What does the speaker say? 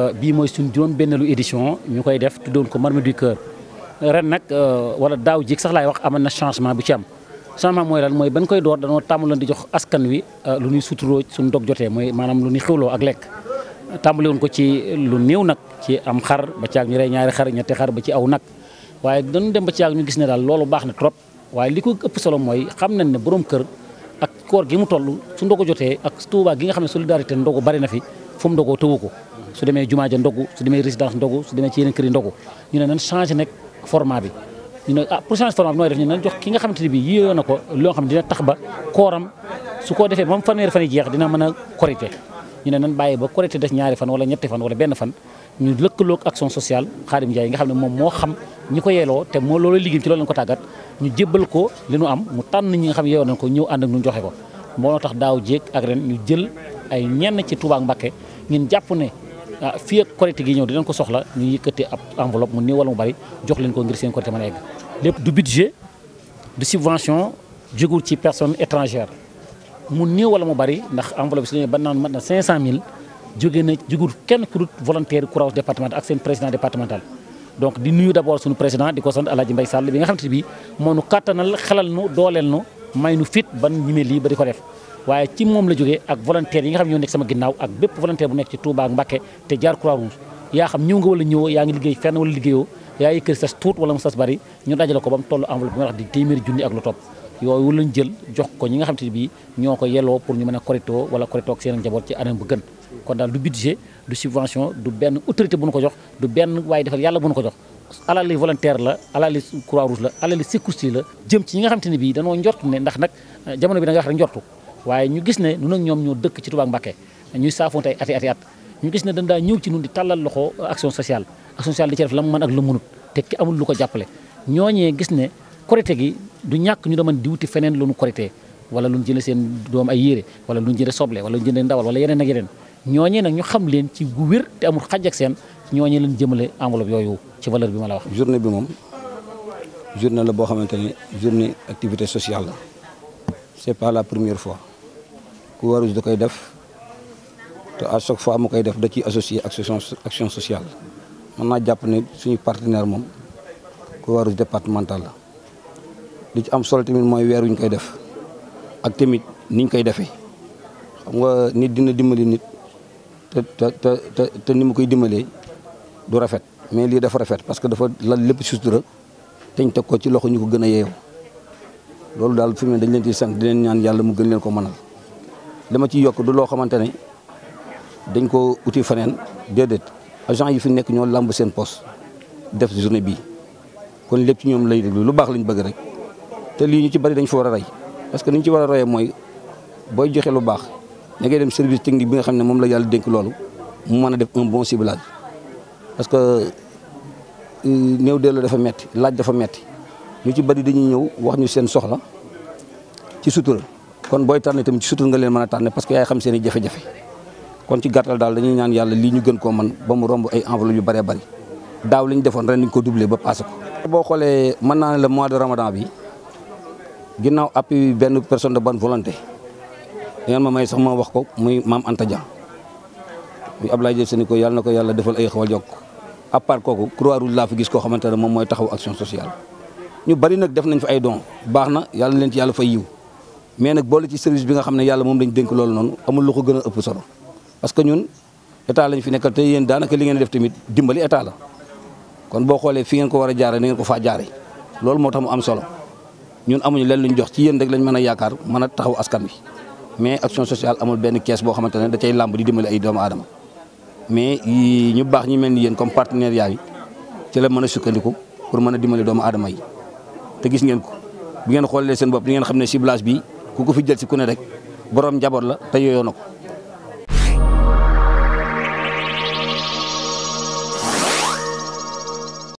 Euh, bii mooy suñ juróom benneelu édition ñu koy def tuddoon ko Marmite du Cœur ren nag euh, wala daaw jik sax laay wax amal na changement bu ci am changement mooy lan mooy ba bañ koy door danoo tàmmuloon di jox askan wi euh, lu ñuy suturoo suñ dog jotee mooy maanaam lu ñuy xewloo ak lekk tàmbale ko ci lu néew nag ci am xar ba ñu rey ñaari xar ñetti xar ba ci aw nag waaye dañu dem ba caag ñu gis ne daal loolu baax na trop waaye li ko ëpp solo mooy xam nañ ne borom kër ak koor gi mu toll su ndogu jotee ak Tuubaa gi nga xam ne solidarité ndogu bari na fi fu mu ndogoo tëwu ko su demee jumaa ja ndogu su demee résidence ndogu su demee ci yeneen kër yi ndogu ñu ne nan changé nag format bi ñu ne ah pour changer format bi nooy def ñu jox ki nga xamante ne bi yiyoo na ko loo xam ne dina tax ba kooram su ko defee ba mu fanweeri fan jeex dina mën a korite ñu ne nan bàyyi ba korite des ñaari fan wala ñetti fan wala benn fan ñu lëkkaloog action sociale Xaadim Njaay yi nga xam ne moom moo xam ñi ko yeeloo te moo loolu liggéeyam ci loolu lañ ko tàggat ñu jébbal ko li am mu tànn ñi nga xam ne yeewoo nañ ko ñëw ànd ak ñu joxe ko moo tax daaw jéeg ak ren ñu jël ay ñenn ci Tuubaa Mbàkke ngeen jàpp ne ah fii gi ñëw dinañ ko soxla ñu yëkkate ab enveloppe mu néew wala mu bari jox leen ko ngir seen Korité mën a egg lépp du budget du subvention jógul ci personne étrangère mu néew wala mu bari ndax enveloppe bi su ñu ba naan mat na 500000 jóge na jógul kenn ku dul volontaire courage départemental ak seen président départemental. donc di nuyu d'abord suñu président di ko sant Alaaji Mbay Sall bi nga xam ne bii moo nu kàttanal xelal nu dooleel nu may nu fit ban ñime lii ba ko def. waaye ci moom la jógee ak volontaire yi nga xam ñoo nekk sama ginnaaw ak bépp volontaire bu nekk ci Touba ak Mbacké te jaar Croix-Rouge yaa xam ñëw nga wala ñëwoo yaa ngi liggéey fenn wala liggéeyoo yaa yëkkati sas tuut wala mu sas bari ñu dajale ko ba mu toll enveloppe nga wax di téeméeri junni ak lu topp yooyu lañ jël jox ko ñi nga xam te ne bii ñoo ko yelloo pour ñu mën a correctoo wala correctoo ak seen njaboot ci anam bu gën kon daal du budget du subvention du bu nu ko jox du benn waaye defal yàlla bu ko jox alali volontaire la alali Croix-Rouge la jëm ci ñi nga xam ne bii danoo njort ne ndax nag eh, jamono bi da nga wax waaye ñu gis ne nun ak ñoom ñoo dëkk ci Touba Mbacké ñuy saafoonte ay ati ati at ñu gis ne dañ daa ñëw ci nun di tàllal loxo action sociale action sociale di ci def la mu mën ak lu mënut ki amul lu ko jàppale ñooñee gis ne korité gi du ñàkk ñu deman di wuti feneen lu nu korité wala lu ñu jëlee seen doom ay yére wala lu ñu soble wala lu ñu yeneen ak yeneen ñooñee nag ñu xam leen ci gu wér te amul xaj ak seen ñooñee leen yooyu ci valeur bi ma la wax journée bi moom journée la boo xamante ne journée activité sociale la c'est pas la première fois croix da koy def te à chaque fois mu koy def da ci associé action action sociale mën naa jàpp ne suñu partenaire moom Croix-Rouge départemental la li ci am solo tamit mooy weer ñu koy def ak tamit niñ koy defee xam nga nit dina dimbali nit te te te te ni mu koy dimbalee du rafet mais lii dafa rafet parce que dafa lal lépp sutura te ñu teg ko ci loxo ñu ko gën a yeewu loolu daal fi mu ne dañ leen ciy sant di leen ñaan yàlla mu gën leen ko mënal dama ciy yokk du loo xamante ne dañ ko uti feneen déedéet agent yi fi nekk ñoo lamb seen poste def journée bi kon lépp ci ñoom lay déglu lu baax lañ bëgg rek te lii ñu ci bari dañ fa war a rey parce que ni ñu ci war a royee mooy booy joxe lu baax da ngay dem service technique bi nga xam ne moom la yàlla dénk loolu mu mën a def un bon ciblage parce que euh, néew dellu dafa metti laaj dafa metti ñu ci bari dañuy ñëw wax ñu seen soxla ci sutura kon booy tànn tamit ci sutur nga leen mën a tànne parce que yaay xam seen jafe-jafe kon ci gàttal daal dañuy ñaan yàlla lii ñu gën koo man ba mu romb ay enveloppe yu bare bëri daaw li ñu defoon ren dañ ko doublé ba passé ko boo xoolee mën naa ne le mois de ramadan bi ginnaaw appi benn personne de bonne volonté yan ma may sax ma wax ko muy maam Anta Dia muy Abdoulaye Diop ko yàlla na ko yàlla defal ay xewal yokk à part kooku Croix-Rouge laa fi gis koo xamante ne moom taxaw action sociale ñu bari nag def nañ fa ay don baax na yàlla leen ci yàlla fay yiw mais nag boole ci service bi nga xam ne yàlla moom lañ dénk loolu noonu amul lu ko gën a ëpp solo parce que ñun état lañ fi nekkal te yéen daanaka li ngeen def tamit dimbali état la kon boo xoolee fi ngeen ko war a jaare na ngeen ko faa jaare loolu moo mu am solo ñun amuñu leen luñ jox ci yéen rek lañ mën a yaakaar mën a taxaw askan wi mais action sociale amul benn kees boo xamante ne da cay làmb di ay doomu aadama mais ñu baax ñu mel ni yéen comme partenariat yi ci la mën a sukkandiku pour mën a dimbali doomu aadama yi gis ngeen ko bu ngeen xoolee seen bopp di ngeen xam ne ciblage bi ku ko fi jël si ku rek borom njaboot la te yooyoo ko.